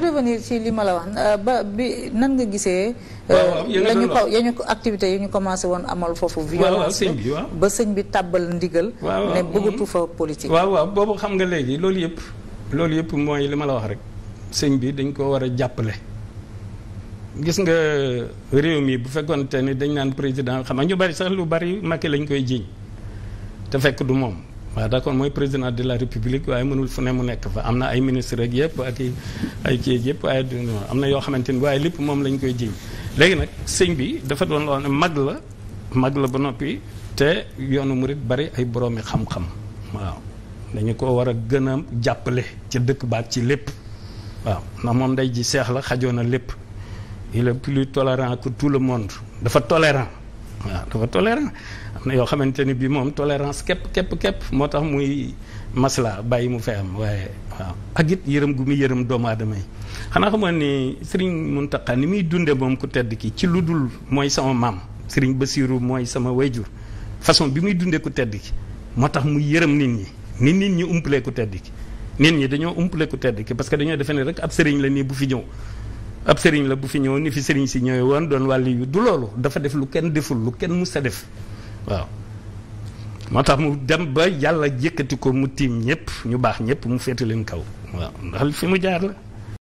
ñu revenir ci li ma la wax euh, ba bi nan nga gisee. Euh, lañu ko yañu ko activité yi ñu commencé woon amal foofu. violence ba sëñ bi tàbbal ndiggal ne fa politique. waaw waaw boobu xam nga léegi loolu yëpp loolu yëpp mooy li ma la wax rek sëñ bi dañ ko war a jàppale. gis nga réew mi bu fekkoonte ne dañ naan président xam nga ñu bari sax lu bari Macky lañ koy jiiñ te fekk du moom. waaw d'accord mooy président de la république waaye mënul fu ne mu nekk fa am na ay ministre ak yépp ak ay kii yëpp waaye am na yoo xamante ni waaye lépp moom lañ koy jiñ léegi nag sëñ bi dafa doon loo ne mag la mag la ba noppi te yoonu murit bari ay boroomi xam-xam waaw dañu ko war a gën a jàppale ca dëkk baat ci lépp waaw ndax moom day ji seex la xajoon na lépp il est plus tolérant que tout le monde dafa tolérant waaw dafa tolérant am yoo xamante ni bii moom tolérance képp képp képp moo tax muy masla bàyyi mu fay am waaye waaw ak it yërëm gu muy yërëm doomu aadama yi xanaa xamoon ni sëriñ Muntaqa ni muy dunde moom ku tedd ki ci lu dul mooy sama maam sëriñ Basiiru mooy sama wayjur façon bi muy dunde ku tedd ki moo tax muy yërëm nit ñi nit nit ñi umpalee ku tedd ki nit ñi dañoo umpalee ku tedd ki parce que dañoo defe ne rek ab sëriñ la nii bu fi ñëw ab sëriñ la bu fi ñëw ni fi sëriñ si ñëwee woon doon wàlli yu du loolu dafa def lu kenn deful lu kenn mus a def waaw moo tax mu dem ba yàlla yëkkati ko mu tiim ñëpp ñu baax ñëpp mu féete leen kaw waaw ndax fi mu jaar la